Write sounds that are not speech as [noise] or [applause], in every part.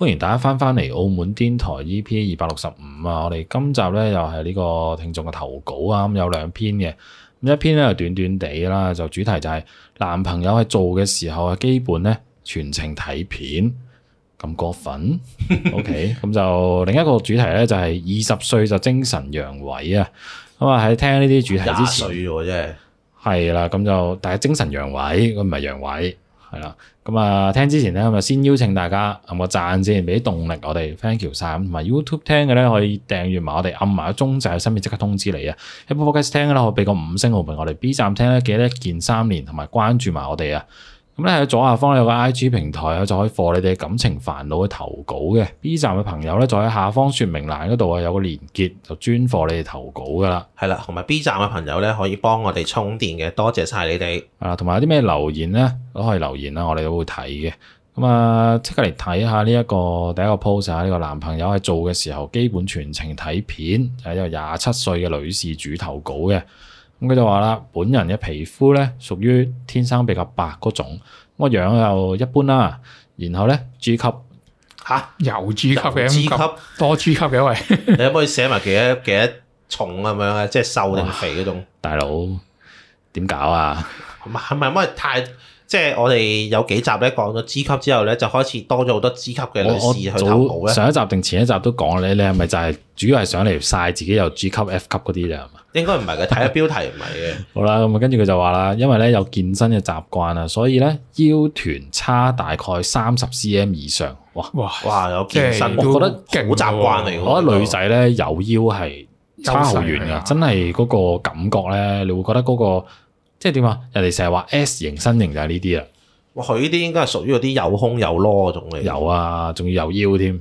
歡迎大家翻翻嚟澳門癲台 E.P. 二百六十五啊！我哋今集咧又係呢個聽眾嘅投稿啊，咁有兩篇嘅。咁一篇咧就短短地啦，就主題就係男朋友喺做嘅時候啊，基本咧全程睇片咁過分。O.K. 咁就另一個主題咧就係二十歲就精神陽痿啊。咁啊喺聽呢啲主題之前，廿歲啫，係啦。咁就但係精神陽痿，佢唔係陽痿。係啦，咁啊聽之前咧，我先邀請大家撳個讚先，俾啲動力我哋，thank you 晒。咁同埋 YouTube 聽嘅咧，可以訂閱埋我哋，撳埋個鐘仔，順便即刻通知你啊。Apple Podcast 聽嘅啦，可以俾個五星好評我哋。B 站聽咧，記得一鍵三連，同埋關注埋我哋啊。咁咧喺左下方有個 IG 平台啊，就可以放你哋感情煩惱嘅投稿嘅。B 站嘅朋友咧，就喺下方説明欄嗰度啊，有個連結就專放你哋投稿噶啦。係啦，同埋 B 站嘅朋友咧，可以幫我哋充電嘅，多謝晒你哋。係啦，同埋有啲咩留言咧，都可以留言啊，我哋都會睇嘅。咁啊，即刻嚟睇下呢一個第一個 post 啊，呢個男朋友喺做嘅時候基本全程睇片，係由廿七歲嘅女事主投稿嘅。咁佢就話啦，本人嘅皮膚咧屬於天生比較白嗰種，個樣又一般啦。然後咧 G 級嚇，有 G< 哈>級咩？G 級多 G 級嘅喂， [laughs] 你可唔可以寫埋幾多幾多重咁樣啊？即係瘦定肥嗰種，大佬點搞啊？係咪因為太？即係我哋有幾集咧講咗 G 級之後咧，就開始多咗好多 G 級嘅女士去投稿。上一集定前一集都講你呢，你係咪就係主要係想嚟曬自己有 G 級 F 級嗰啲咧？應該唔係佢睇個標題唔係嘅。 [laughs] 好啦，咁啊，跟住佢就話啦，因為咧有健身嘅習慣啊，所以咧腰臀差大概三十 cm 以上。哇哇哇！有健身，我覺得勁習慣嚟。這個、我覺得女仔咧有腰係差好遠噶，啊、真係嗰、那個感覺咧，你會覺得嗰、那個。即係點啊？人哋成日話 S 型身形就係呢啲啦。佢呢啲應該係屬於嗰啲有胸有攞嗰種嚟。有啊，仲要有腰添。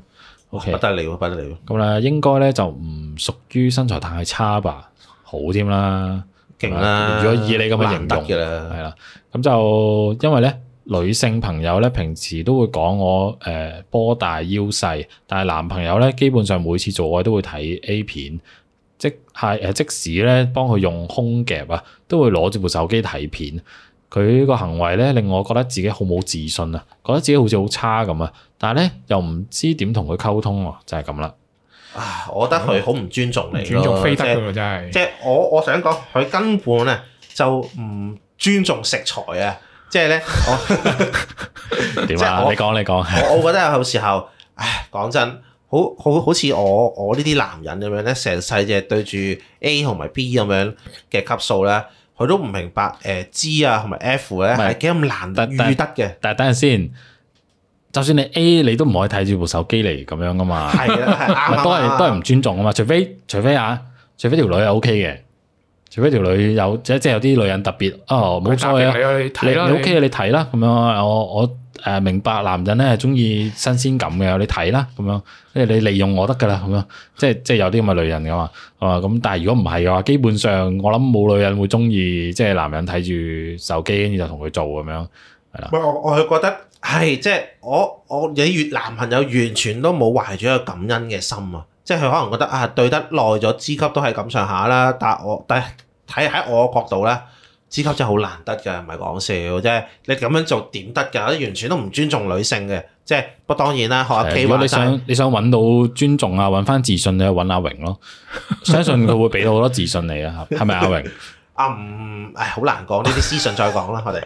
OK。不得了，不得了。咁咧應該咧就唔屬於身材太差吧，好添啦，勁啦、啊。如果以你咁嘅形容。嘅啦。係啦。咁就因為咧女性朋友咧平時都會講我誒、呃、波大腰細，但係男朋友咧基本上每次做愛都會睇 A 片。即係誒，即使咧幫佢用空夾啊，都會攞住部手機睇片。佢呢個行為咧令我覺得自己好冇自信啊，覺得自己好似好差咁啊。但係咧又唔知點同佢溝通，就係咁啦。啊，我覺得佢好唔尊重你，嗯、尊重非得咁即真係。即係我我想講，佢根本啊就唔尊重食材啊。即係咧，點啊？你講你講。 [laughs] 我我覺得有時候，唉，講真。好好好似我我呢啲男人咁樣咧，成世就對住 A 同埋 B 咁樣嘅級數咧，佢都唔明白誒 G 啊同埋 F 咧係幾咁難預得嘅。但係等陣先，就算你 A 你都唔可以睇住部手機嚟咁樣噶嘛。係啦，啱都係都係唔尊重噶嘛。除非除非啊，除非條女係 OK 嘅，除非條女有即即有啲女人特別哦，冇錯嘅，啊你你 OK 你睇啦，咁樣我我。誒，明白男人咧，係中意新鮮感嘅，你睇啦，咁樣，即係你利用我得噶啦，咁樣，即係即係有啲咁嘅女人噶嘛，啊，咁但係如果唔係嘅話，基本上我諗冇女人會中意，即係男人睇住手機跟住就同佢做咁樣，係啦。喂，我我係覺得係，即係我我你越南朋友完全都冇懷住一個感恩嘅心啊，即係佢可能覺得啊，對得耐咗，知覺都係咁上下啦，但係我但係睇喺我角度咧。資格真係好難得㗎，唔係講笑，即係你咁樣做點得㗎？完全都唔尊重女性嘅，即係但當然啦。學阿 K 如果你想你想揾到尊重啊，揾翻自信，你揾阿榮咯。 [laughs] 相信佢會俾到好多自信你啊，係咪阿榮？ [laughs] 啊唔、嗯，唉，好難講，呢啲私信再講啦，我哋。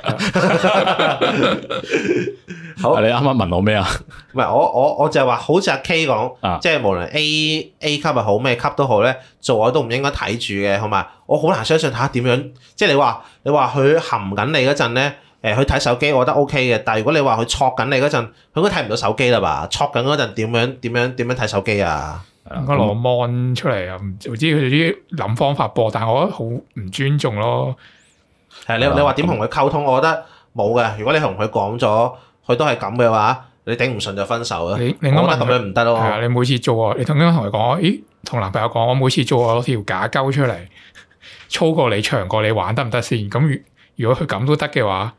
好，你啱啱問我咩啊？唔係，我我我就係話，好似阿 K 講，即係無論 A A 級又好，咩級都好咧，做我都唔應該睇住嘅，好嘛，我好難相信。睇下點樣，即係你話你話佢含緊你嗰陣咧，誒、呃，佢睇手機，我覺得 O K 嘅。但係如果你話佢戳緊你嗰陣，佢應該睇唔到手機啦吧？戳緊嗰陣點樣點樣點樣睇手機啊？攞 mon 出嚟啊，唔知佢啲諗方法噃，但係我覺得好唔尊重咯。誒的，的你你話點同佢溝通？嗯，我覺得冇嘅。如果你同佢講咗，佢都係咁嘅話，你頂唔順就分手啦。你我覺得咁樣唔得咯。係啊，你每次做，你曾經同佢講，咦，同男朋友講，我每次做我攞條假鳩出嚟，粗過你，長過你玩，玩得唔得先？咁如果佢咁都得嘅話。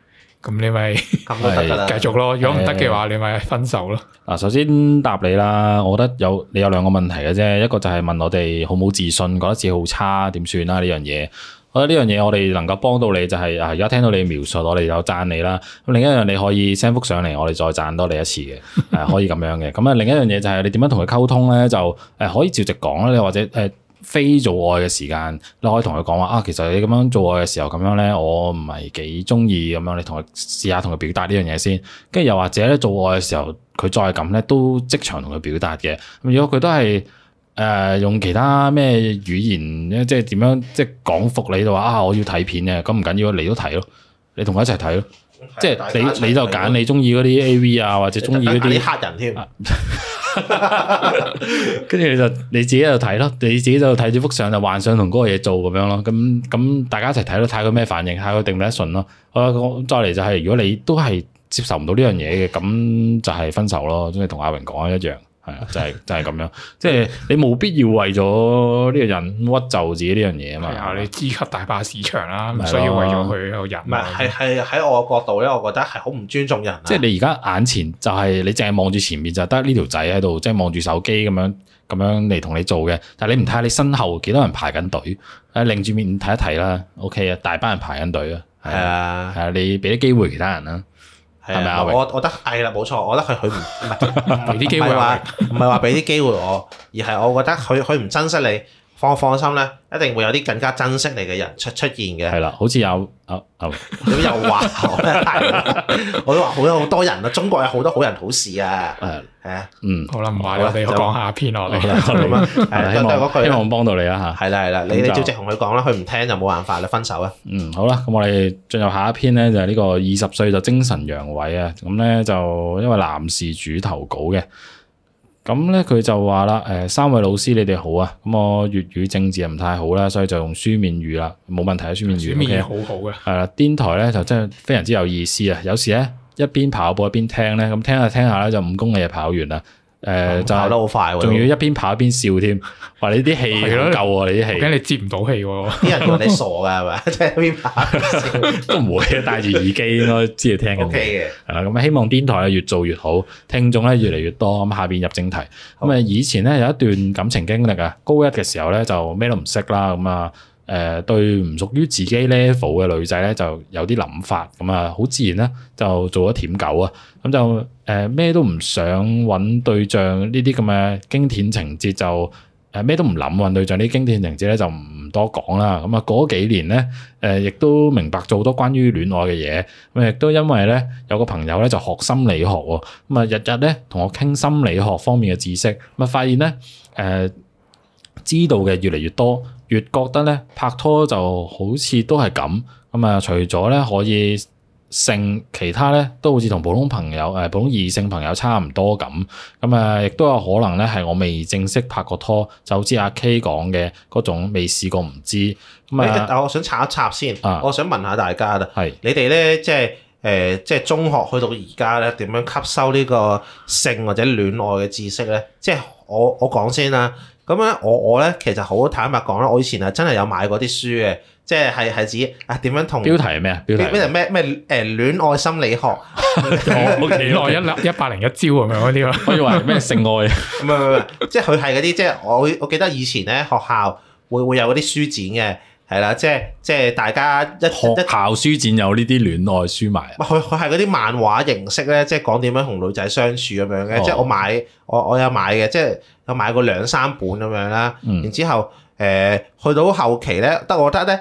咁你咪係繼續咯，的如果唔得嘅話，的你咪分手咯。嗱，首先答你啦，我覺得有你有兩個問題嘅啫，一個就係問我哋好冇自信，覺得自己好差點算啦呢樣嘢、這個。我覺得呢樣嘢我哋能夠幫到你、就是，就係啊，而家聽到你描述，我哋就讚你啦。咁另一樣你可以 send 幅相上嚟，我哋再讚多你一次嘅，係可以咁樣嘅。咁啊，另一樣嘢就係你點樣同佢溝通咧？就誒，可以照直講啦，你或者誒。非做愛嘅時間，你可以同佢講話啊，其實你咁樣做愛嘅時候咁樣咧，我唔係幾中意咁樣。你同佢試下同佢表達呢樣嘢先。跟住又或者咧，做愛嘅時候佢再咁咧，都即場同佢表達嘅。如果佢都係誒、呃、用其他咩語言咧，即係點樣即係講服你嘅話啊，我要睇片嘅，咁唔緊要，你都睇咯，你同佢一齊睇咯。即係你你就揀你中意嗰啲 AV 啊，或者中意嗰啲黑人添，跟住你就你自己喺度睇咯，你自己就睇住幅相就幻想同嗰個嘢做咁樣咯。咁咁大家一齊睇咯，睇佢咩反應，睇佢定唔得順咯。好啦，我再嚟就係，如果你都係接受唔到呢樣嘢嘅，咁就係分手咯，即係同阿榮講一樣。係啊， [music] [music] 就係、是、就係、是、咁樣，即係你冇必要為咗呢個人屈就自己呢樣嘢啊嘛。係啊， [music] 你支級大把市場啦，唔需要為咗佢一個人。唔係、嗯，係係喺我角度咧，我覺得係好唔尊重人、啊。即係你而家眼前就係你淨係望住前面，就得呢條仔喺度，即係望住手機咁樣咁樣嚟同你做嘅。但係你唔睇下你身後幾多人排緊隊？誒、啊，擰住面睇一睇啦。OK 啊，大班人排緊隊啊。係啊，係你俾啲機會其他人啦。係咪啊？我我覺得係啦，冇 [noise] 錯，我覺得係佢唔唔係唔係話唔係話俾啲機會畀我，而係我覺得佢佢唔珍惜你。放放心咧，一定會有啲更加珍惜你嘅人出出現嘅。係啦，好似有啊啊，咁又話，我都話，好有好多人啊，中國有好多好人好事啊。係啊，嗯，好啦，唔話啦，我哋講下篇落嚟啦。希望希望我幫到你啦吓。係啦係啦，你哋直接同佢講啦，佢唔聽就冇辦法啦，分手啦。嗯，好啦，咁我哋進入下一篇咧，就係呢個二十歲就精神陽痿啊，咁咧就因為男事主投稿嘅。咁咧佢就話啦，誒、呃、三位老師你哋好啊，咁我粵語正字又唔太好啦，所以就用書面語啦，冇問題啊，書面語，okay? 書面語好好嘅。係啦，電台咧就真係非常之有意思啊，有時咧一邊跑步一邊聽咧，咁聽下聽下咧就五公里就跑完啦。誒，就、嗯、跑得好快仲、啊、要一邊跑一邊笑添，話你啲氣都夠喎、啊， [laughs] 你啲的氣，驚你接唔到氣喎、啊。啲人話你傻㗎係咪？即係一邊跑都唔會，戴住耳機應該知嚟聽緊嘅。係啦、okay 的，咁 [laughs] 希望電台啊越做越好，聽眾咧越嚟越多。咁下邊入正題，咁啊好以前咧有一段感情經歷啊，高一嘅時候咧就咩都唔識啦，咁啊。誒、呃、對唔屬於自己 level 嘅女仔咧，就有啲諗法咁啊，好、嗯、自然咧就做咗舔狗啊，咁、嗯、就誒咩、呃、都唔想揾對象，呢啲咁嘅經典情節就誒咩、呃、都唔諗揾對象，呢啲經典情節咧就唔多講啦。咁啊過幾年咧誒，亦、呃、都明白咗好多關於戀愛嘅嘢，咁啊亦都因為咧有個朋友咧就學心理學喎，咁啊日日咧同我傾心理學方面嘅知識，啊、嗯，發現咧誒、呃、知道嘅越嚟越多。越覺得咧拍拖就好似都係咁咁啊！除咗咧可以性，其他咧都好似同普通朋友誒普通異性朋友差唔多咁。咁啊，亦都有可能咧係我未正式拍過拖，就好似阿 K 講嘅嗰種未試過唔知。咁啊，但我想插一插先，啊、我想問下大家啦。係是你哋咧，即係誒、呃，即係中學去到而家咧，點樣吸收呢個性或者戀愛嘅知識咧？即係我我講先啦。咁咧，我我咧其實好坦白講咧，我以前啊真係有買過啲書嘅，即係係指啊點樣同標題係咩啊？標題咩咩咩誒戀愛心理學？幾耐 [laughs] 一粒 [laughs] 一百零一招咁樣嗰啲咯？我 [laughs] 以為咩性愛？唔係，唔係，即係佢係嗰啲，即係我我記得以前咧學校會會有嗰啲書展嘅。係啦，即係即係大家一學校書展有呢啲戀愛書賣。佢佢係嗰啲漫畫形式咧，即係講點樣同女仔相處咁樣嘅。哦、即係我買，我我有買嘅，即係有買過兩三本咁樣啦。嗯、然之後誒，去、呃、到後期咧，得我覺得咧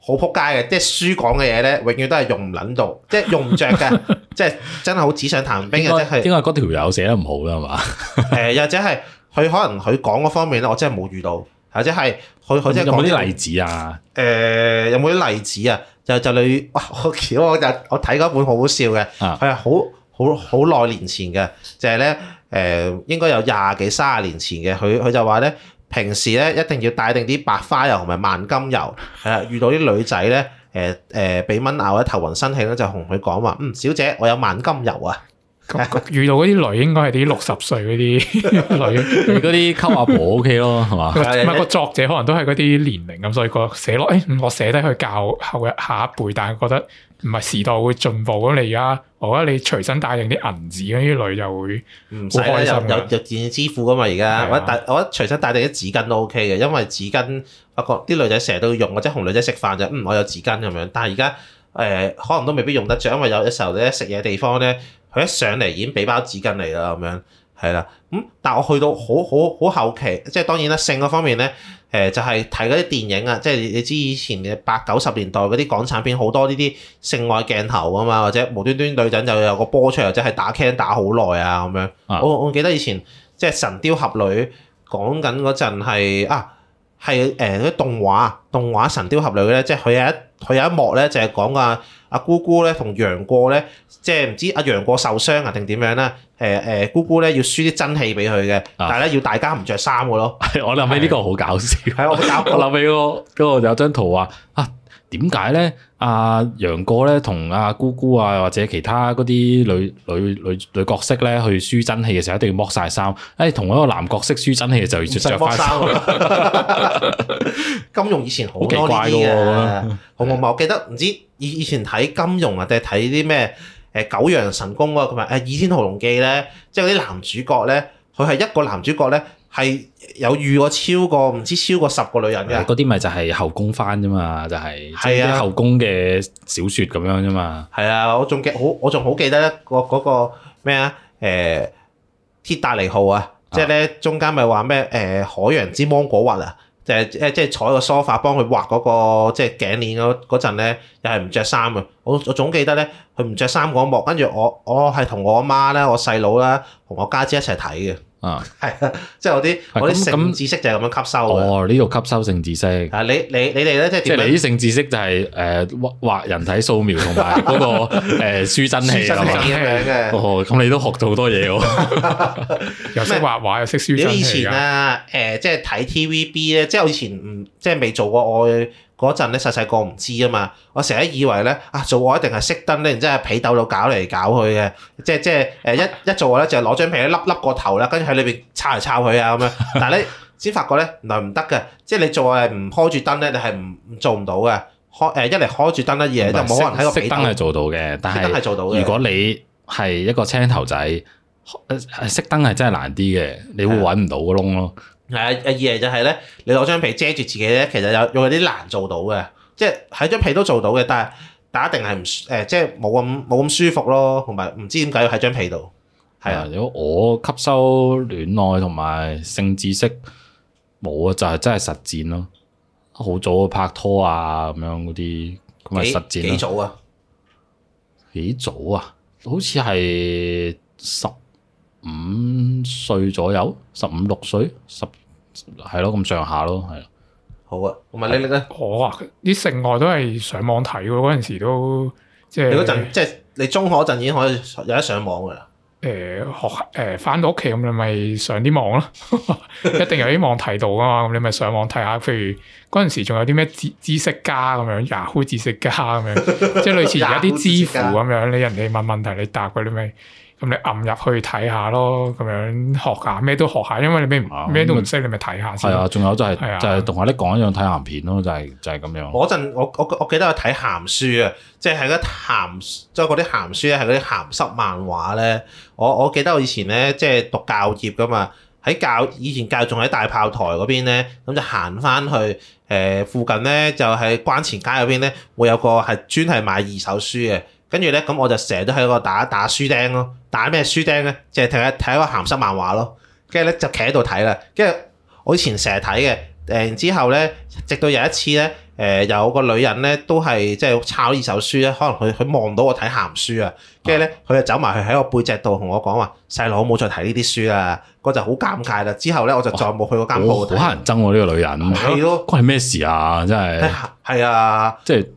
好仆街嘅，即係書講嘅嘢咧，永遠都係用唔捻到， [laughs] 即係用唔着嘅，即係真係好紙上談兵嘅。即係點解嗰條友寫得唔好啦係嘛？誒，又或者係佢可能佢講嗰方面咧，我真係冇遇到。或者係佢佢即係講啲例子啊？誒、呃，有冇啲例子啊？就就例如，哇！好我我睇嗰本好好笑嘅，佢係好好好耐年前嘅，就係咧誒，應該有廿幾卅年前嘅。佢佢就話咧，平時咧一定要帶定啲白花油同埋萬金油。係啊，遇到啲女仔咧，誒、呃、誒，俾蚊咬或者頭暈身氣咧，就同佢講話，嗯，小姐，我有萬金油啊。遇到嗰啲女，應該係啲六十歲嗰啲女，嗰啲溝阿婆 O K 咯，係嘛？唔、那、係個作者可能都係嗰啲年齡咁，所以個寫落，誒、哎，我寫低去教後日下一輩，但係覺得唔係時代會進步咁。你而家我覺得你隨身帶定啲銀紙嗰啲女就唔使開心。有電子支付噶嘛？而家我覺得我覺得隨身帶定啲紙巾都 O K 嘅，因為紙巾發覺啲女仔成日都用，或者同女仔食飯就，嗯，我有紙巾咁樣。但係而家誒可能都未必用得着，因為有啲時候咧食嘢地方咧。一上嚟已經俾包紙巾嚟啦，咁樣係啦。咁、嗯、但係我去到好好好後期，即係當然啦，性嗰方面咧，誒、呃、就係睇嗰啲電影啊。即係你知以前嘅八九十年代嗰啲港產片好多呢啲性愛鏡頭啊嘛，或者無端端女仔就有個波出嚟，或者係打 can 打好耐啊咁樣。啊、我我記得以前即係《神雕俠侶》講緊嗰陣係啊，係誒嗰啲動畫動畫《神雕俠侶》咧，即係佢有一佢有一幕咧就係講啊。阿姑姑咧同楊過咧，即係唔知阿楊過受傷啊定點樣咧？誒、呃、誒，姑姑咧要輸啲真氣俾佢嘅，但係咧要大家唔着衫嘅咯。 [laughs] 我諗起呢個好搞笑。 [laughs] [laughs] 我諗起嗰個有張圖話啊，點解咧？阿、啊、楊過咧同阿姑姑啊，或者其他嗰啲女女女女角色咧去輸真氣嘅時候，一定要剝晒衫。誒、哎，同一個男角色輸真氣嘅時候要着翻衫。 [laughs] 金庸以前多好多呢啲嘅，好唔嗎好？是我記得唔知，以以前睇金庸啊，定係睇啲咩？誒《九陽神功》啊，同埋《誒倚天屠龍記》咧，即係嗰啲男主角咧，佢係一個男主角咧，係有遇過超過唔知超過十個女人㗎。嗰啲咪就係後宮翻啫嘛，就係即係啲後宮嘅小説咁樣啫嘛。係啊，我仲記好，我仲好記得個嗰個咩啊？誒《鐵達尼號》啊，即係咧中間咪話咩？誒海洋之芒果核啊！就即係坐喺個 sofa 幫佢畫嗰個即係頸鏈嗰嗰陣咧，又係唔着衫嘅。我我總記得咧，佢唔着衫嗰一幕，跟住我我係同我阿媽咧、我細佬啦，同我家姐一齊睇嘅。啊，係啊，即係嗰啲嗰啲性知識就係咁樣吸收哦。呢度吸收性知識啊，你你你哋咧即係點？即係呢性知識就係誒畫畫人體素描同埋嗰個誒、 [laughs] 呃、書真氣啊嘛。 [laughs] 氣 [laughs] 哦，咁你都學到好多嘢， [laughs] [laughs] 又識畫畫又識書真。我以前啊，誒、呃，即係睇 T V B 咧，即係我以前唔即係未做過我。嗰陣咧，細細個唔知啊嘛，我成日都以為咧，啊做我一定係熄燈，然之係被竇度搞嚟搞去嘅，即係即係誒一一做咧，就攞張被笠笠個頭啦，跟住喺裏邊插嚟插去啊咁樣。但係咧先發覺咧，原來唔得嘅，即係你做我係唔開住燈咧，你係唔做唔到嘅。開誒一嚟開住燈，二嚟就冇人喺個被竇。熄燈係做到嘅，但係如果你係一個青頭仔，熄燈係真係難啲嘅，你會揾唔到個窿咯。係啊，uh, 二嚟就係咧，你攞張被遮住自己咧，其實有有啲難做到嘅，即係喺張被都做到嘅，但係打定係唔舒誒，即係冇咁冇咁舒服咯，同埋唔知點解要喺張被度。係啊，如果我吸收戀愛同埋性知識，冇啊，就係真係實戰咯。好早啊，拍拖啊咁樣嗰啲，咁咪實戰啦。幾早啊？幾早啊？好似係十五歲左右，十五六歲，十係咯，咁上下咯，係。好啊，同埋你叻咧。我啊，啲性愛都係上網睇喎，嗰陣時都即係。就是、你嗰陣即係你中學嗰陣已經可以有得上網噶啦。誒、呃，學誒翻、呃、到屋企咁，你咪上啲網咯，一定有啲網睇到噶嘛。咁 [laughs] 你咪上網睇下，譬如嗰陣時仲有啲咩知知識家咁樣，Yahoo 知識家咁樣， [laughs] 即係類似而家啲知乎咁樣， [laughs] 你人哋問問題你答佢，你咪。咁你揞入去睇下咯，咁樣學下咩都學下，因為、啊、你咩咩都唔識，你咪睇下先。係啊，仲有就係、是啊、就係同我啲講一樣睇鹹片咯，就係、是、就係、是、咁樣。我陣我我我記得去睇鹹書啊，即係喺嗰啲鹹即係嗰啲鹹書咧，係嗰啲鹹濕漫畫咧。我我記得我以前咧即係讀教業噶嘛，喺教以前教仲喺大炮台嗰邊咧，咁就行翻去誒、呃、附近咧就係關前街嗰邊咧，會有個係專係買二手書嘅。跟住咧，咁我就成日都喺個打打書釘咯，打咩書釘咧？即係睇睇個鹹濕漫畫咯。跟住咧就企喺度睇啦。跟住我以前成日睇嘅，誒之後咧，直到有一次咧，誒有個女人咧都係即係抄二手書咧，可能佢佢望到我睇鹹書啊。跟住咧，佢就走埋去喺我背脊度同我講話：細佬冇再睇呢啲書啦。嗰陣好尷尬啦。之後咧我就再冇去嗰間鋪。好乞人憎我呢個女人，係咯、哎呀，關你咩事啊？真係係、哎、啊，即係。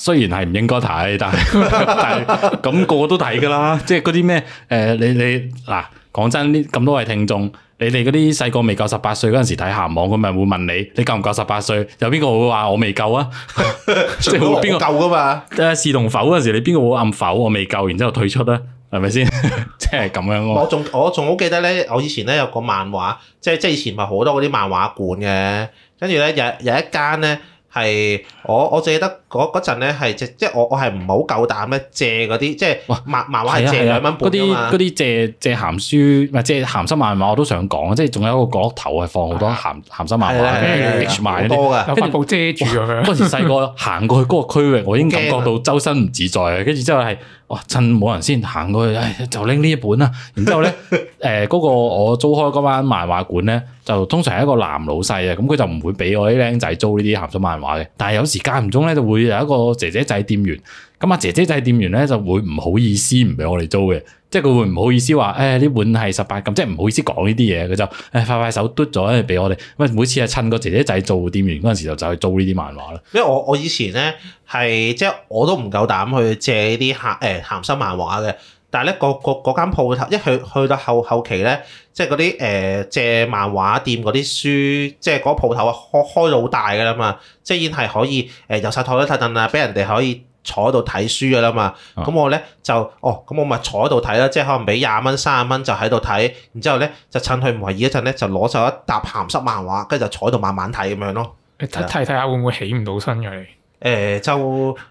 雖然係唔應該睇，但係咁個個都睇噶啦，即係嗰啲咩，誒，你你嗱，講真，呢咁多位聽眾，你哋嗰啲細個未夠十八歲嗰陣時睇鹹網，佢咪會問你，你夠唔夠十八歲？有邊個會話我未夠啊？ [laughs] 即係邊個夠噶嘛？誒，是同否嗰陣時，你邊個會按否？我未夠，然之後退出咧，係咪先？ [laughs] 即係咁樣咯。我仲我仲好記得咧，我以前咧有個漫畫，即係即係以前咪好多嗰啲漫畫館嘅，跟住咧有有，有一間咧。係我我記得嗰陣咧，係借哇即係我我係唔好夠膽咧借嗰啲，即係漫漫畫，係借兩蚊半啊，嗰啲借借鹹書，唔係借鹹濕漫畫，我都想講即係仲有一個角頭係放好多鹹，啊、鹹濕漫畫，跟住、啊、賣、啊啊、多嘅，有塊布遮住咁樣。嗰時細個行過去嗰個區域，我已經感覺到周身唔自在，跟住之後係、就是。哇！趁冇人先行過去，唉就拎呢一本啦。然之後咧，誒嗰、 [laughs] 呃嗰個我租開嗰間漫畫館咧，就通常係一個男老細啊。咁佢就唔會俾我啲僆仔租呢啲鹹濕漫畫嘅。但係有時間唔中咧，就會有一個姐姐仔店員。咁阿、嗯、姐姐仔店員咧，就會唔好意思唔俾我哋租嘅，即係佢會唔好意思話，誒呢本係十八禁，即係唔好意思講呢啲嘢，佢就誒快快手嘟咗，跟住俾我哋。喂，每次係趁個姐姐仔做店員嗰陣時就，就走去租、欸、呢啲漫畫啦。因為我我以前咧係即係我都唔夠膽去借呢啲鹹誒鹹濕漫畫嘅，但係咧個個嗰間鋪頭一去去到後後期咧，即係嗰啲誒借漫畫店嗰啲書，即係嗰鋪頭開開到好大噶啦嘛，即係已經係可以誒由曬台燈睇燈啦，俾人哋可以。呃坐喺度睇書㗎啦嘛，咁、啊、我咧就哦，咁我咪坐喺度睇啦，即係可能俾廿蚊三十蚊就喺度睇，然之後咧就趁佢唔為意一陣咧就攞咗一沓鹹濕漫畫，跟住就坐喺度慢慢睇咁樣咯。睇睇、哎、的下會唔會起唔到身嘅你？誒、哎、就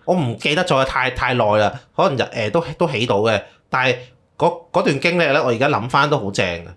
我唔記得咗，太太耐啦，可能就誒、哎、都都起到嘅，但係嗰段經歷咧，我而家諗翻都好正嘅，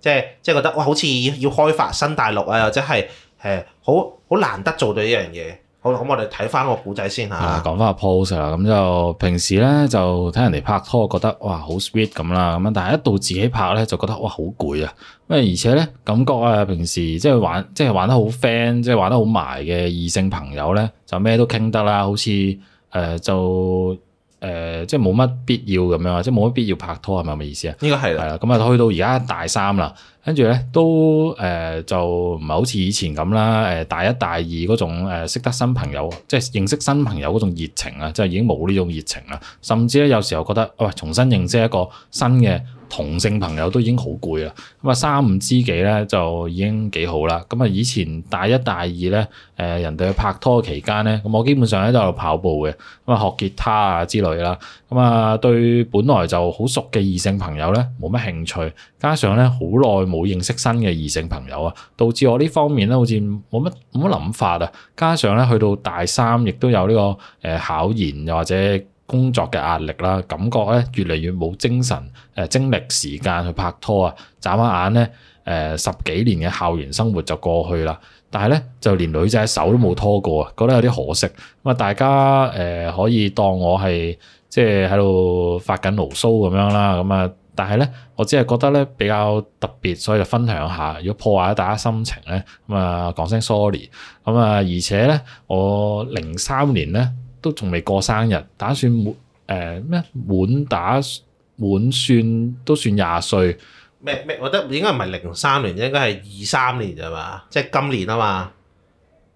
即係即係覺得哇，好似要開發新大陸啊，或者係誒好好難得做到一樣嘢。好，咁我哋睇翻個古仔先吓。講翻個 post 啦，咁就平時咧就睇人哋拍拖，覺得哇好 sweet 咁啦，咁樣，但係一到自己拍咧，就覺得哇好攰啊。咁而且咧感覺啊，平時即係玩，即係玩得好 friend，即係玩得好埋嘅異性朋友咧，就咩都傾得啦，好似誒、呃、就誒、呃、即係冇乜必要咁樣，即係冇乜必要拍拖係咪係咪意思啊？應該係啦，係啦，咁啊去到而家大三啦。跟住咧都誒、呃、就唔係好似以前咁啦誒，大一大二嗰種誒識得新朋友，即、呃、係認識新朋友嗰種熱情啊，即係已經冇呢種熱情啦。甚至咧有時候覺得，喂、呃、重新認識一個新嘅同性朋友都已經好攰啦。咁啊三五知己咧就已經幾好啦。咁啊以前大一大二咧誒、呃、人哋去拍拖嘅期間咧，咁、啊、我基本上咧都喺度跑步嘅，咁啊學吉他啊之類啦。咁啊對本來就好熟嘅異性朋友咧冇乜興趣，加上咧好耐冇，冇認識新嘅異性朋友啊，導致我呢方面咧好似冇乜冇乜諗法啊。加上咧去到大三，亦都有呢個誒考研又或者工作嘅壓力啦，感覺咧越嚟越冇精神誒精力時間去拍拖啊。眨下眼咧誒、呃、十幾年嘅校園生活就過去啦。但係咧，就連女仔手都冇拖過啊，覺得有啲可惜。咁啊，大家誒、呃、可以當我係即係喺度發緊牢騷咁樣啦。咁啊～但係咧，我只係覺得咧比較特別，所以就分享下。如果破壞咗大家心情咧，咁啊講聲 sorry。咁啊，而且咧，我零三年咧都仲未過生日，打算滿誒咩滿打滿算都算廿歲咩咩？我覺得應該唔係零三年，應該係二三年咋、就是、嘛？即係今年啊嘛。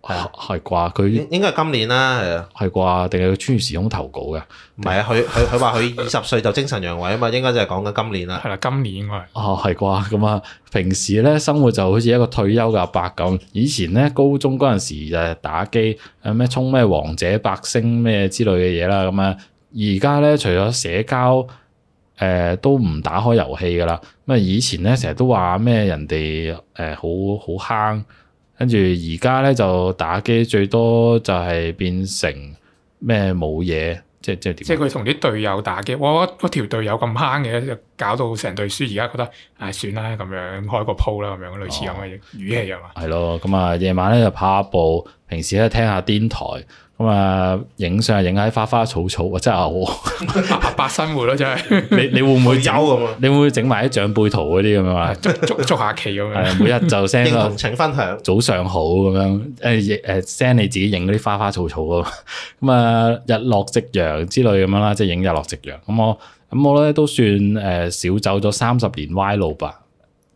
啊，係啩？佢應該係今年啦，係啊。係啩？定係佢穿越時空投稿嘅？唔係啊，佢佢佢話佢二十歲就精神陽痿啊嘛，應該就係講緊今年啦。係啦、 [laughs] 啊，今年應該。哦，係啩？咁啊，平時咧生活就好似一個退休嘅阿伯咁。以前咧高中嗰陣時就打機，咩衝咩王者百星咩之類嘅嘢啦。咁啊，而家咧除咗社交，誒、呃、都唔打開遊戲噶啦。咁啊，以前咧成日都話咩人哋誒好好慳。跟住而家咧就打機最多就係變成咩冇嘢，即即點？即係佢同啲隊友打機，哇！我條隊友咁慳嘅，搞到成隊輸，而家覺得啊、哎，算啦咁樣，開個鋪啦咁樣，類似咁嘅語氣係嘛？係咯、哦，咁啊，夜晚咧就跑下步，平時咧聽下電台。咁啊，影相影下啲花花草草，真係阿伯生活咯，真係。 [laughs] [laughs] 你你會唔會走咁啊？你會，會整埋啲長輩圖嗰啲咁啊，捉捉下棋咁樣。 [laughs] 每日就 send 個。請分享。早上好咁樣，誒誒，send 你自己影嗰啲花花草草啊。咁啊，日落夕陽之類咁樣啦，即係影日落夕陽。咁我咁我咧都算誒，少走咗三十年歪路吧。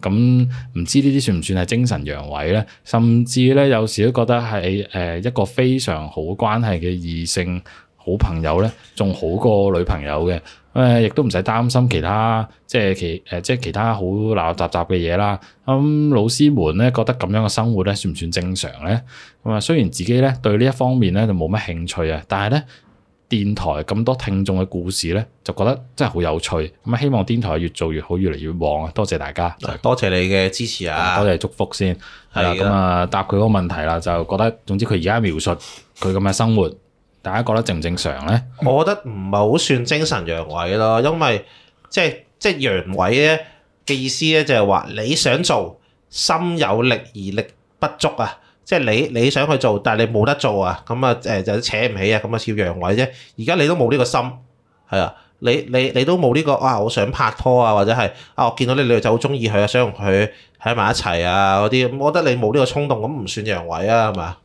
咁唔、嗯、知呢啲算唔算係精神陽痿呢？甚至呢，有時都覺得係誒、呃、一個非常好關係嘅異性好朋友呢，仲好過女朋友嘅，誒、呃、亦都唔使擔心其他即係其誒、呃、即係其他好雜雜嘅嘢啦。咁、嗯、老師們呢，覺得咁樣嘅生活呢，算唔算正常呢？咁、嗯、啊雖然自己呢，對呢一方面呢，就冇乜興趣啊，但係呢。電台咁多聽眾嘅故事呢，就覺得真係好有趣。咁啊，希望電台越做越好，越嚟越旺啊！多謝大家，多謝你嘅支持啊，多謝祝福先。係啦的，咁啊答佢嗰個問題啦，就覺得總之佢而家描述佢咁嘅生活，大家覺得正唔正常呢？我覺得唔係好算精神陽痿咯，因為即係即係陽痿呢嘅意思呢，就係話你想做，心有力而力不足啊。即係你你想去做，但係你冇得做啊，咁啊誒就扯唔起啊，咁啊叫陽痿啫。而家你都冇呢個心，係啊，你你你都冇呢、呢個啊，我想拍拖啊，或者係啊，我見到你女仔好中意佢啊，想同佢喺埋一齊啊嗰啲，我覺得你冇呢個衝動，咁唔算陽痿啊，係咪啊？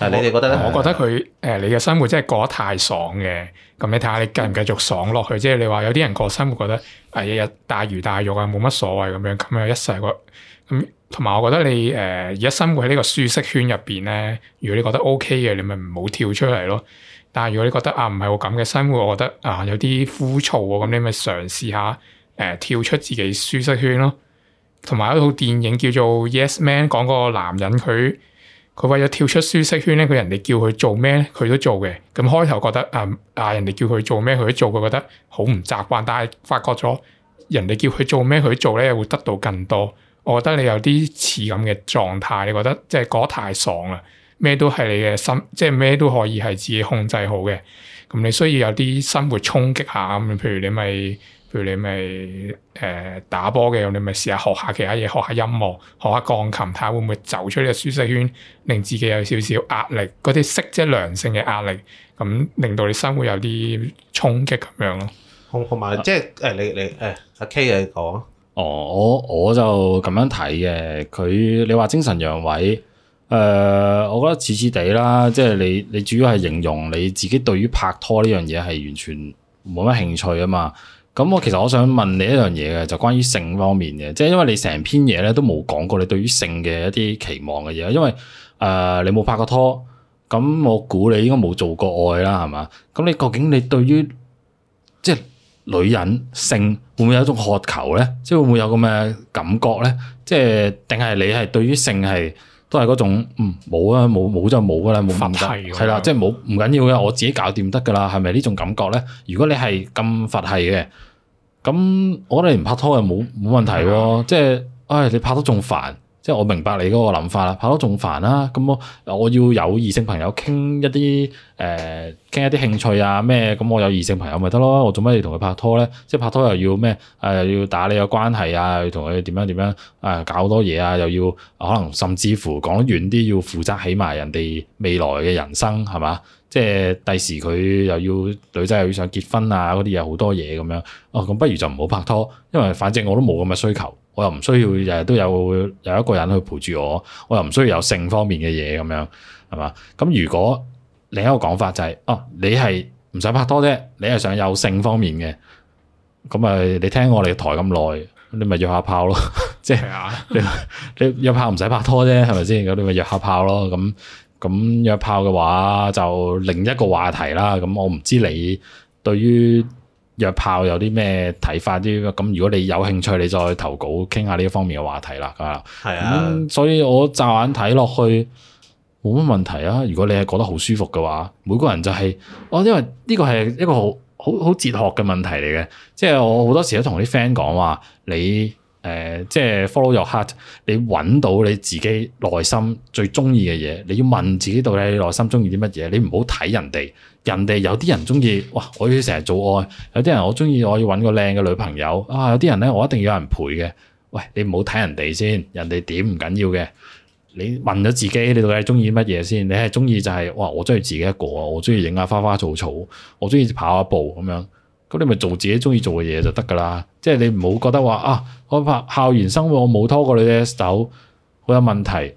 我你哋覺得咧？我覺得佢誒、哎呃、你嘅生活真係過得太爽嘅，咁你睇下你繼唔繼續爽落去。即、就、係、是、你話有啲人過生活覺得啊，一、哎、日大魚大肉啊，冇乜所謂咁樣，咁啊一世咁。同埋，我覺得你誒而家生活喺呢個舒適圈入邊咧，如果你覺得 OK 嘅，你咪唔好跳出嚟咯。但係如果你覺得啊唔係我咁嘅生活，我覺得啊有啲枯燥喎，咁、嗯、你咪嘗試下誒、呃、跳出自己舒適圈咯。同埋有一套電影叫做《Yes Man》，講個男人佢佢為咗跳出舒適圈咧，佢人哋叫佢做咩，佢都做嘅。咁開頭覺得、呃、啊啊人哋叫佢做咩佢都做，佢覺得好唔習慣，但係發覺咗人哋叫佢做咩佢做咧，會得到更多。我覺得你有啲似咁嘅狀態，你覺得即係嗰太爽啦，咩都係你嘅心，即係咩都可以係自己控制好嘅。咁你需要有啲生活衝擊下，咁譬如你咪，譬如你咪誒、呃、打波嘅，你咪試下學下其他嘢，學下音樂，學下鋼琴，睇下會唔會走出呢個舒適圈，令自己有少少壓力，嗰啲適即係良性嘅壓力，咁令到你生活有啲衝擊咁樣咯。好，同埋即係誒你你誒阿、哎、K 嚟講。哦，我我就咁樣睇嘅，佢你話精神陽痿，誒、呃，我覺得似似地啦，即係你你主要係形容你自己對於拍拖呢樣嘢係完全冇乜興趣啊嘛。咁我其實我想問你一樣嘢嘅，就關於性方面嘅，即係因為你成篇嘢咧都冇講過你對於性嘅一啲期望嘅嘢，因為誒、呃、你冇拍過拖，咁我估你應該冇做過愛啦，係嘛？咁你究竟你對於即係？女人性會唔會有一種渴求呢？即係會唔會有咁嘅感覺呢？即係定係你係對於性係都係嗰種，嗯，冇啊，冇冇就冇噶啦，冇問題，係啦，即係冇唔緊要嘅，嗯、我自己搞掂得噶啦，係咪呢種感覺呢？如果你係咁佛系嘅，咁我哋唔拍拖又冇冇問題喎。嗯、即係唉、哎，你拍拖仲煩。即係我明白你嗰個諗法啦，拍拖仲煩啦。咁我我要有異性朋友傾一啲誒傾一啲興趣啊咩，咁我有異性朋友咪得咯。我做咩要同佢拍拖咧？即係拍拖又要咩、啊、又要打理個關係啊，又要同佢點樣點樣誒、啊？搞多嘢啊，又要可能甚至乎講得遠啲，要負責起埋人哋未來嘅人生係嘛？即係第時佢又要女仔又要想結婚啊嗰啲嘢好多嘢咁樣。哦、啊，咁不如就唔好拍拖，因為反正我都冇咁嘅需求。我又唔需要日日都有有一個人去陪住我，我又唔需要有性方面嘅嘢咁樣，係嘛？咁如果另一個講法就係，哦，你係唔使拍拖啫，你係想有性方面嘅，咁咪，你聽我哋台咁耐，你咪約下炮咯，即係啊，你你約炮唔使拍拖啫，係咪先？咁你咪約下炮咯，咁咁約炮嘅話就另一個話題啦。咁我唔知你對於約炮有啲咩睇法啲咁？如果你有興趣，你再投稿傾下呢一方面嘅話題啦。係啊，咁、嗯、所以我乍眼睇落去冇乜問題啊。如果你係覺得好舒服嘅話，每個人就係、是、我、哦、因為呢個係一個好好好哲學嘅問題嚟嘅，即、就、係、是、我好多時都同啲 friend 講話你。誒、呃，即係 follow your heart，你揾到你自己內心最中意嘅嘢，你要問自己到底你內心中意啲乜嘢？你唔好睇人哋，人哋有啲人中意，哇！我要成日做愛，有啲人我中意我要揾個靚嘅女朋友啊，有啲人咧我一定要有人陪嘅。喂，你唔好睇人哋先，人哋點唔緊要嘅。你問咗自己你到底中意乜嘢先？你係中意就係、是、哇，我中意自己一個啊，我中意影下花花草草，我中意跑下步咁樣。咁你咪做自己中意做嘅嘢就得噶啦，即係你唔好覺得話啊，我拍校園生活我冇拖過你嘅手，好有問題，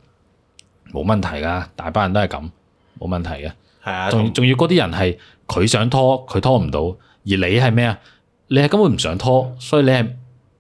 冇問題噶，大班人都係咁，冇問題嘅。係啊，仲仲要嗰啲人係佢想拖佢拖唔到，而你係咩啊？你係根本唔想拖，所以你係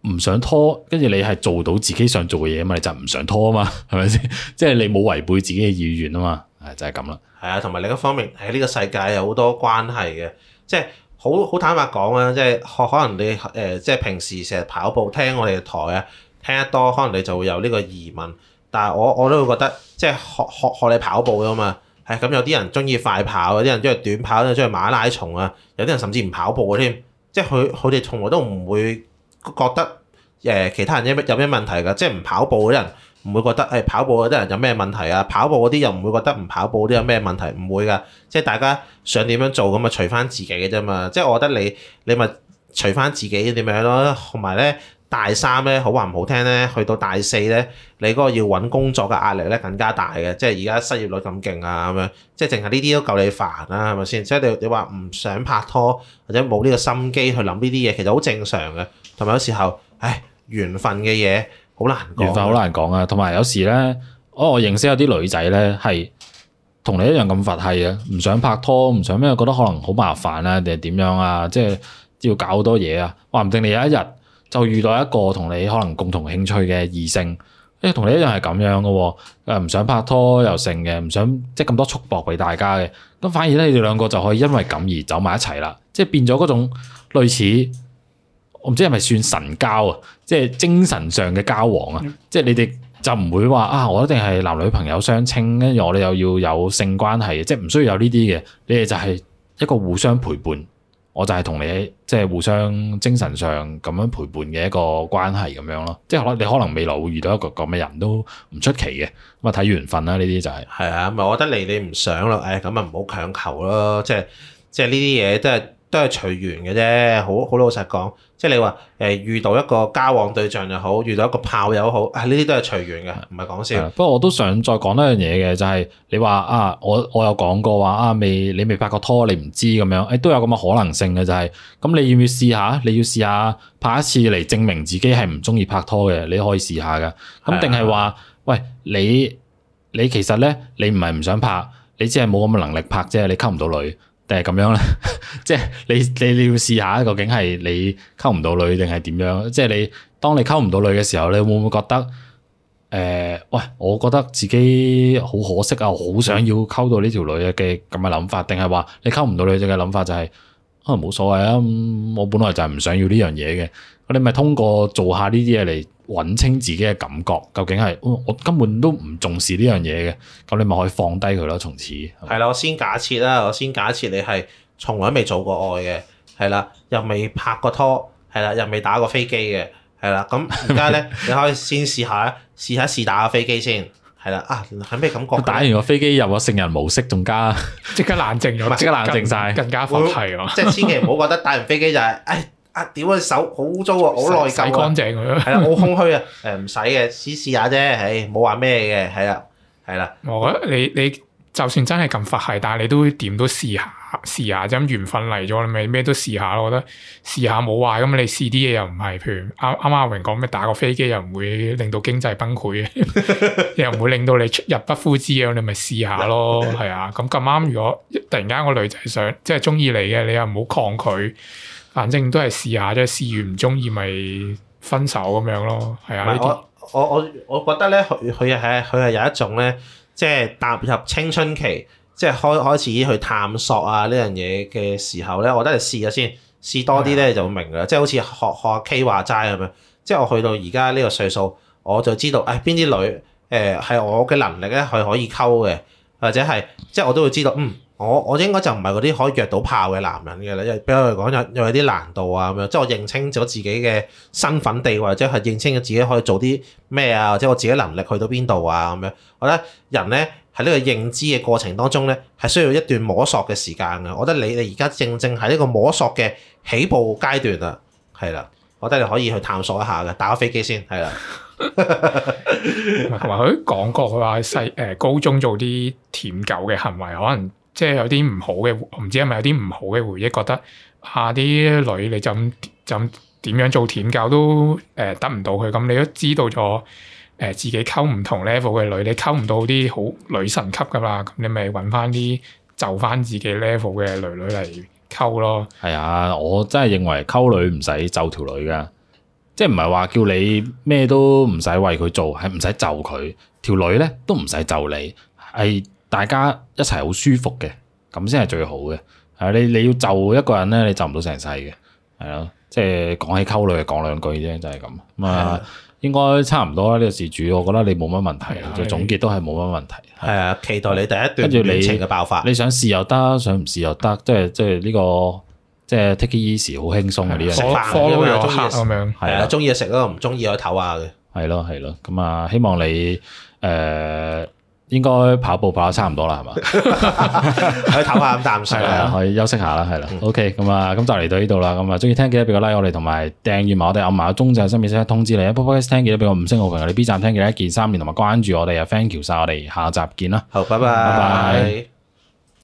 唔想拖，跟住你係做到自己想做嘅嘢嘛？你就唔想拖嘛？係咪先？ [laughs] 即係你冇違背自己嘅意願啊嘛？誒、就是，就係咁啦。係啊，同埋另一方面，喺呢個世界有好多關係嘅，即係。好好坦白講啊，即係學可可能你誒、呃、即係平時成日跑步聽我哋台啊，聽得多可能你就會有呢個疑問。但係我我都會覺得，即係學學學你跑步啫嘛。係、哎、咁，有啲人中意快跑，有啲人中意短跑，有啲中意馬拉松啊。有啲人甚至唔跑步嘅添，即係佢佢哋從來都唔會覺得誒、呃、其他人有咩有咩問題㗎，即係唔跑步嗰啲人。唔會覺得誒跑步嗰啲人有咩問題啊。跑步嗰啲又唔會覺得唔跑步啲有咩問題。唔會㗎，即係大家想點樣做咁咪除翻自己嘅啫嘛。即係我覺得你你咪除翻自己點樣咯。同埋咧大三咧，好話唔好聽咧，去到大四咧，你嗰個要揾工作嘅壓力咧更加大嘅。即係而家失業率咁勁啊咁樣，即係淨係呢啲都夠你煩啊，係咪先？即係你你話唔想拍拖或者冇呢個心機去諗呢啲嘢，其實好正常嘅。同埋有時候唉，緣分嘅嘢。好難，緣分好難講啊，同埋有時咧，我、哦、我認識有啲女仔咧，係同你一樣咁佛系啊，唔想拍拖，唔想咩，覺得可能好麻煩啊，定係點樣啊？即係要搞好多嘢啊！話唔定你有一日就遇到一個同你可能共同興趣嘅異性，誒、哎，同你一樣係咁樣噶、啊，誒，唔想拍拖又成嘅，唔想即係咁多束縛俾大家嘅，咁反而咧，你哋兩個就可以因為咁而走埋一齊啦，即係變咗嗰種類似。我唔知係咪算神交啊？即係精神上嘅交往啊！嗯、即係你哋就唔會話啊！我一定係男女朋友相稱，跟住我哋又要有性關係，即係唔需要有呢啲嘅。你哋就係一個互相陪伴，我就係同你即係互相精神上咁樣陪伴嘅一個關係咁樣咯。即係可能你可能未來會遇到一個咁嘅人都唔出奇嘅，咁啊睇緣分啦。呢啲就係係啊，咪我覺得你你唔想咯，哎咁咪唔好強求咯。即係即係呢啲嘢都係都係隨緣嘅啫。好好老實講。即係你話誒、呃、遇到一個交往對象又好，遇到一個炮友好，啊呢啲都係隨緣嘅，唔係講笑。不過我都想再講一樣嘢嘅，就係、是、你話啊，我我有講過話啊，未你未拍過拖，你唔知咁樣，誒都有咁嘅可能性嘅、就是，就係咁你要唔要試下？你要試下拍一次嚟證明自己係唔中意拍拖嘅，你可以試下噶。咁定係話喂你你，你其實咧，你唔係唔想拍，你只係冇咁嘅能力拍啫，你溝唔到女。定係咁樣咧， [laughs] 即係你你你要試下究竟係你溝唔到女定係點樣？即係你當你溝唔到女嘅時候你會唔會覺得誒、呃，喂，我覺得自己好可惜啊！好想要溝到呢條女嘅咁嘅諗法，定係話你溝唔到女就嘅諗法就係、是、啊冇所謂啊、嗯！我本來就係唔想要呢樣嘢嘅。你咪通過做下呢啲嘢嚟。揾清自己嘅感覺，究竟係我根本都唔重視呢樣嘢嘅，咁你咪可以放低佢咯。從此係啦，我先假設啦，我先假設你係從來未做過愛嘅，係啦，又未拍過拖，係啦，又未打過飛機嘅，係啦，咁而家咧你可以先試一下，試一下試打個飛機先，係啦，啊係咩感覺？打完個飛機入咗聖人模式，仲加即刻冷靜咗，即 [laughs] 是刻冷靜晒，更加放棄喎。 [laughs] 即係千祈唔好覺得打完飛機就係、是，哎。啊！屌啊！隻手好污糟啊，好內疚啊，洗乾淨佢咯。係啦，好空虛啊。誒，唔使嘅，試試下啫。唉，冇話咩嘅。係啦，係啦。我覺得你你就算真係咁佛系，但係你都點都試下試下，咁緣分嚟咗，你咪咩都試下咯。我覺得試下冇壞咁，你試啲嘢又唔係，譬如啱啱阿榮講咩打個飛機又唔會令到經濟崩潰嘅，又唔會令到你入不敷支啊。你咪試下咯。係啊，咁咁啱，如果突然間個女仔想即係中意你嘅，你又唔好抗拒。反正都係試下啫，試完唔中意咪分手咁樣咯，係啊。是些我我我我覺得咧，佢佢係佢係有一種咧，即係踏入青春期，即係開開始去探索啊呢樣嘢嘅時候咧，我都係試下先，試多啲咧就會明噶啦。的即係好似學學 K 話齋咁樣，即係我去到而家呢個歲數，我就知道誒邊啲女誒係、呃、我嘅能力咧，佢可以溝嘅。或者係即係我都會知道，嗯，我我應該就唔係嗰啲可以約到炮嘅男人嘅啦，因為比較嚟講有有啲難度啊咁樣。即係我認清咗自己嘅身份地位，或者係認清咗自己可以做啲咩啊，或者我自己能力去到邊度啊咁樣。我覺得人咧喺呢個認知嘅過程當中咧，係需要一段摸索嘅時間嘅。我覺得你哋而家正正喺呢個摸索嘅起步階段啊。係啦。我覺得你可以去探索一下嘅，打個飛機先係啦。同埋佢講過，佢話細誒高中做啲舔狗嘅行為，可能即係有啲唔好嘅，唔知係咪有啲唔好嘅回憶，覺得下啲、啊、女你就咁就點樣做舔狗都誒、呃、得唔到佢咁，你都知道咗誒、呃、自己溝唔同 level 嘅女，你溝唔到啲好女神級噶啦，咁你咪揾翻啲就翻自己 level 嘅女女嚟溝咯。係啊，我真係認為溝女唔使就條女噶。即係唔係話叫你咩都唔使為佢做，係唔使就佢條女咧都唔使就你，係大家一齊好舒服嘅，咁先係最好嘅。係你你要就一個人咧，你就唔到成世嘅，係咯。即係講起溝女，講兩句啫，就係咁啊。的應該差唔多啦，呢個事主，我覺得你冇乜問題。就的總結都係冇乜問題。係啊，期待你第一段跟住你情嘅爆發你。你想試又得，想唔試又得，即係即係呢個。即係 take it easy，好輕鬆啊。呢樣嘢，火火又黑咁樣，係啊，中意就食咯，唔中意可以唞下嘅。係咯，係咯，咁啊，希望你誒，應該跑步跑得差唔多啦，係嘛？可以唞下咁啖水，可以休息下啦，係啦。OK，咁啊，咁就嚟到呢度啦。咁啊，中意聽嘅俾個 like，我哋同埋訂閱埋我哋，按埋個鐘仔，順便先通知你啊。不不，聽嘅俾我五星好評啊！你 B 站聽多，一鍵三連，同埋關注我哋啊，thank you 曬我哋，下集見啦。好，拜拜。